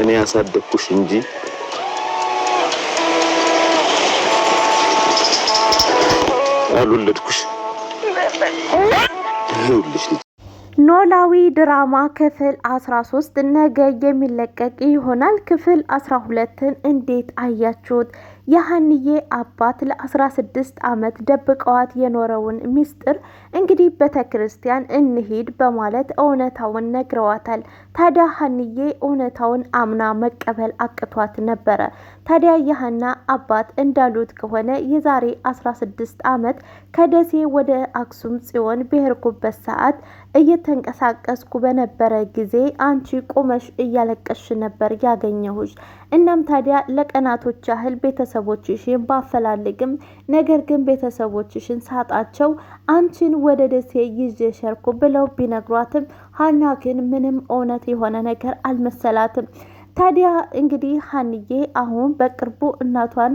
እኔ ያሳደግኩሽ እንጂ አልወለድኩሽ። ይኸውልሽ ልጅ ኖላዊ ድራማ ክፍል 13 ነገ የሚለቀቅ ይሆናል። ክፍል 12ን እንዴት አያችሁት? የሀንዬ አባት ለ16 ዓመት ደብቀዋት የኖረውን ሚስጥር እንግዲህ ቤተክርስቲያን እንሂድ በማለት እውነታውን ነግረዋታል። ታዲያ ሀንዬ እውነታውን አምና መቀበል አቅቷት ነበረ። ታዲያ የሀና አባት እንዳሉት ከሆነ የዛሬ 16 ዓመት ከደሴ ወደ አክሱም ጽዮን ብሄርኩበት ሰዓት እየተንቀሳቀስኩ በነበረ ጊዜ አንቺ ቁመሽ እያለቀሽ ነበር ያገኘሁሽ። እናም ታዲያ ለቀናቶች ያህል ቤተሰብ ቤተሰቦችሽን ባፈላልግም ነገር ግን ቤተሰቦችሽን ሳጣቸው አንቺን ወደ ደሴ ይዤ ሸርኩ ብለው ቢነግሯትም ሀና ግን ምንም እውነት የሆነ ነገር አልመሰላትም። ታዲያ እንግዲህ ሀንዬ አሁን በቅርቡ እናቷን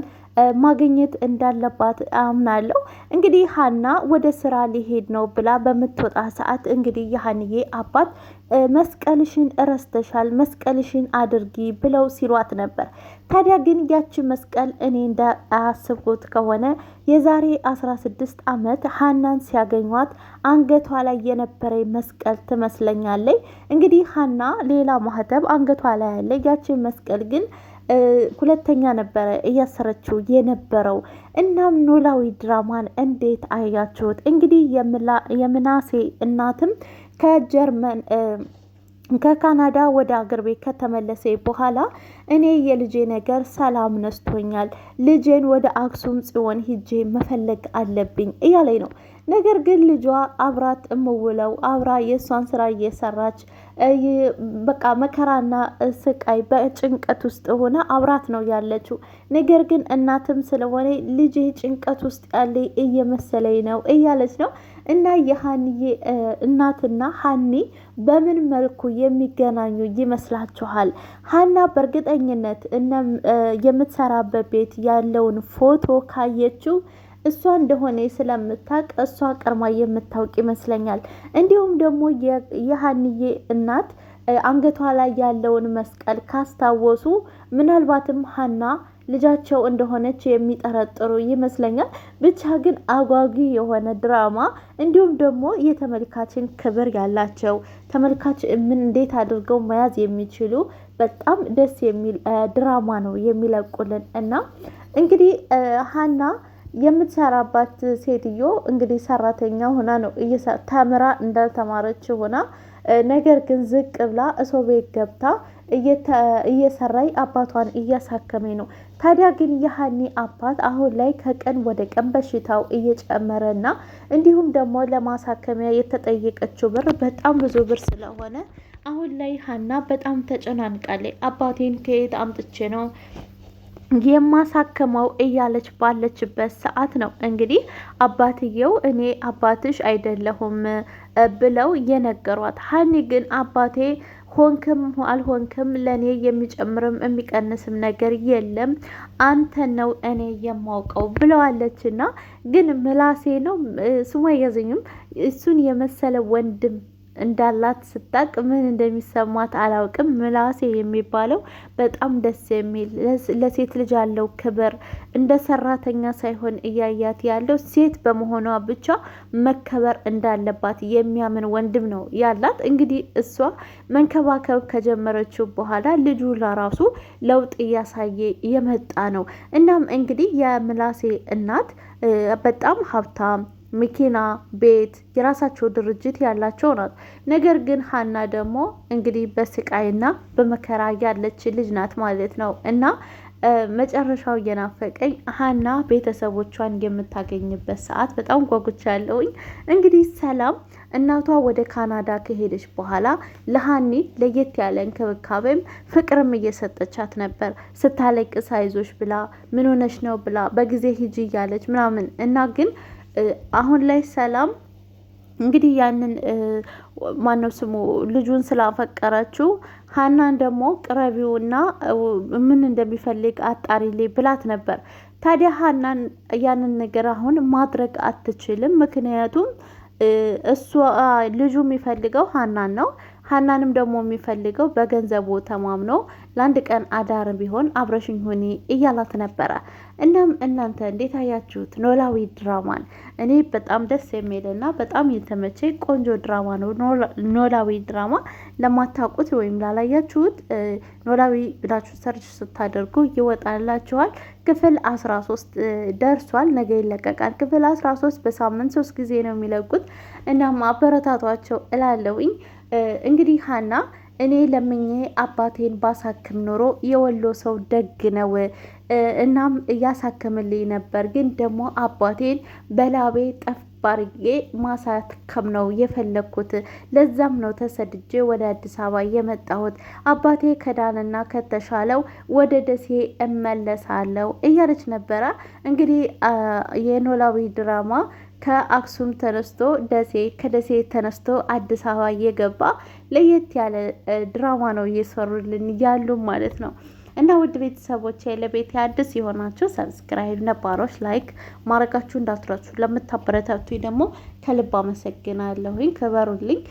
ማግኘት እንዳለባት አምናለሁ። እንግዲህ ሀና ወደ ስራ ሊሄድ ነው ብላ በምትወጣ ሰዓት እንግዲህ የሀንዬ አባት መስቀልሽን እረስተሻል፣ መስቀልሽን አድርጊ ብለው ሲሏት ነበር። ታዲያ ግን ያቺ መስቀል እኔ እንዳያስብኩት ከሆነ የዛሬ 16 ዓመት ሀናን ሲያገኟት አንገቷ ላይ የነበረ መስቀል ትመስለኛለች። እንግዲህ ሀና ሌላ ማህተብ አንገቷ ላይ ያለ ያቺ መስቀል ግን ሁለተኛ ነበረ እያሰረችው የነበረው። እናም ኖላዊ ድራማን እንዴት አያችሁት? እንግዲህ የምናሴ እናትም ከጀርመን ከካናዳ ወደ አገር ቤት ከተመለሰ በኋላ እኔ የልጄ ነገር ሰላም ነስቶኛል፣ ልጄን ወደ አክሱም ጽዮን ሂጄ መፈለግ አለብኝ እያለኝ ነው። ነገር ግን ልጇ አብራት እምውለው አብራ የእሷን ስራ እየሰራች በቃ መከራና ስቃይ በጭንቀት ውስጥ ሆነ አብራት ነው ያለችው። ነገር ግን እናትም ስለሆነ ልጄ ጭንቀት ውስጥ ያለ እየመሰለኝ ነው እያለች ነው እና የሀንዬ እናትና ሀኒ በምን መልኩ የሚገናኙ ይመስላችኋል? ሀና በእርግጠኝነት የምትሰራበት ቤት ያለውን ፎቶ ካየችው እሷ እንደሆነ ስለምታቅ እሷ ቀርማ የምታውቅ ይመስለኛል። እንዲሁም ደግሞ የሀንዬ እናት አንገቷ ላይ ያለውን መስቀል ካስታወሱ ምናልባትም ሀና ልጃቸው እንደሆነች የሚጠረጥሩ ይመስለኛል። ብቻ ግን አጓጊ የሆነ ድራማ እንዲሁም ደግሞ የተመልካችን ክብር ያላቸው ተመልካች ምን እንዴት አድርገው መያዝ የሚችሉ በጣም ደስ የሚል ድራማ ነው የሚለቁልን እና እንግዲህ ሀና የምትሰራባት ሴትዮ እንግዲህ ሰራተኛ ሆና ነው ተምራ እንዳልተማረች ሆና ነገር ግን ዝቅ ብላ ቤት ገብታ እየሰራይ አባቷን እያሳከመ ነው። ታዲያ ግን የሀኒ አባት አሁን ላይ ከቀን ወደ ቀን በሽታው እየጨመረና እንዲሁም ደግሞ ለማሳከሚያ የተጠየቀችው ብር በጣም ብዙ ብር ስለሆነ አሁን ላይ ሀና በጣም ተጨናንቃለች። አባቴን ከየት አምጥቼ ነው የማሳከመው እያለች ባለችበት ሰዓት ነው እንግዲህ አባትየው እኔ አባትሽ አይደለሁም ብለው የነገሯት። ሀኒ ግን አባቴ ሆንክም አልሆንክም ለእኔ የሚጨምርም የሚቀንስም ነገር የለም አንተን ነው እኔ የማውቀው ብለዋለች። እና ግን ምላሴ ነው ስሙ አይገዘኝም እሱን የመሰለ ወንድም እንዳላት ስታቅ ምን እንደሚሰማት አላውቅም። ምላሴ የሚባለው በጣም ደስ የሚል ለሴት ልጅ ያለው ክብር እንደ ሰራተኛ ሳይሆን እያያት ያለው ሴት በመሆኗ ብቻ መከበር እንዳለባት የሚያምን ወንድም ነው ያላት። እንግዲህ እሷ መንከባከብ ከጀመረችው በኋላ ልጁ ለራሱ ለውጥ እያሳየ የመጣ ነው። እናም እንግዲህ የምላሴ እናት በጣም ሀብታም መኪና፣ ቤት፣ የራሳቸው ድርጅት ያላቸው ናት። ነገር ግን ሀና ደግሞ እንግዲህ በስቃይና በመከራ ያለች ልጅ ናት ማለት ነው እና መጨረሻው እየናፈቀኝ ሀና ቤተሰቦቿን የምታገኝበት ሰዓት በጣም ጓጉቻለሁኝ። እንግዲህ ሰላም እናቷ ወደ ካናዳ ከሄደች በኋላ ለሀኒ ለየት ያለ እንክብካቤም ፍቅርም እየሰጠቻት ነበር። ስታለቅስ አይዞሽ ብላ ምን ሆነሽ ነው ብላ በጊዜ ሂጂ እያለች ምናምን እና ግን አሁን ላይ ሰላም እንግዲህ ያንን ማነው ስሙ ልጁን ስላፈቀረችው ሀናን ደግሞ ቅረቢውና ምን እንደሚፈልግ አጣሪሌ ብላት ነበር። ታዲያ ሀናን ያንን ነገር አሁን ማድረግ አትችልም። ምክንያቱም እሷ ልጁ የሚፈልገው ሀናን ነው። ሀናንም ደግሞ የሚፈልገው በገንዘቡ ተማምኖ ለአንድ ቀን አዳር ቢሆን አብረሽኝ ሁኒ እያላት ነበረ። እናም እናንተ እንዴት አያችሁት ኖላዊ ድራማን? እኔ በጣም ደስ የሚልና በጣም የተመቼ ቆንጆ ድራማ ነው ኖላዊ ድራማ። ለማታውቁት ወይም ላላያችሁት ኖላዊ ብላችሁ ሰርች ስታደርጉ ይወጣላችኋል። ክፍል አስራ ሶስት ደርሷል። ነገ ይለቀቃል። ክፍል ሶስት በሳምንት ሶስት ጊዜ ነው የሚለቁት። እናም አበረታቷቸው እላለውኝ። እንግዲህ ሀና እኔ ለምኜ አባቴን ባሳክም ኖሮ የወሎ ሰው ደግ ነው፣ እናም እያሳክምልኝ ነበር። ግን ደግሞ አባቴን በላቤ ጠፍ ባርጌ ማሳከም ነው የፈለግኩት። ለዛም ነው ተሰድጄ ወደ አዲስ አበባ የመጣሁት። አባቴ ከዳንና ከተሻለው ወደ ደሴ እመለሳለሁ እያለች ነበረ። እንግዲህ የኖላዊ ድራማ ከአክሱም ተነስቶ ደሴ ከደሴ ተነስቶ አዲስ አበባ እየገባ ለየት ያለ ድራማ ነው እየሰሩልን ያሉ ማለት ነው። እና ውድ ቤተሰቦች ለቤት አዲስ የሆናችሁ ሰብስክራይብ፣ ነባሮች ላይክ ማድረጋችሁ እንዳትረሱ። ለምታበረታቱኝ ደግሞ ከልብ አመሰግናለሁኝ። ክበሩልኝ።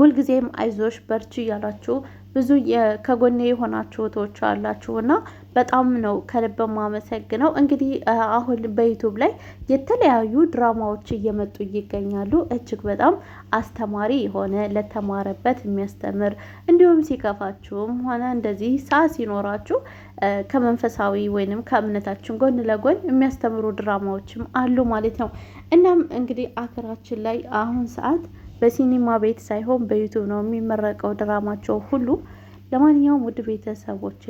ሁልጊዜም አይዞሽ በርቺ እያላችሁ ብዙ ከጎኔ የሆናችሁ እህቶች አላችሁና በጣም ነው ከልብ ማመሰግነው። እንግዲህ አሁን በዩቱብ ላይ የተለያዩ ድራማዎች እየመጡ ይገኛሉ። እጅግ በጣም አስተማሪ የሆነ ለተማረበት የሚያስተምር እንዲሁም ሲከፋችሁም ሆነ እንደዚህ ሰዓት ሲኖራችሁ ከመንፈሳዊ ወይንም ከእምነታችን ጎን ለጎን የሚያስተምሩ ድራማዎችም አሉ ማለት ነው። እናም እንግዲህ አገራችን ላይ አሁን ሰዓት በሲኒማ ቤት ሳይሆን በዩቱብ ነው የሚመረቀው ድራማቸው ሁሉ። ለማንኛውም ውድ ቤተሰቦቼ